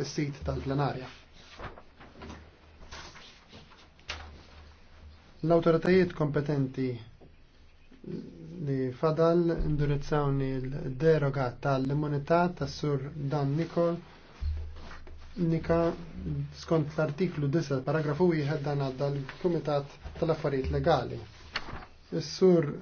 is-sit tal-plenarja. L-autoritajiet kompetenti li fadal indurizzawni l-deroga tal-immunità tas-sur Dan Nikol Nika skont l-artiklu 10 paragrafu 1 dan għadda l-Kumitat tal-Affarijiet Legali. Is-sur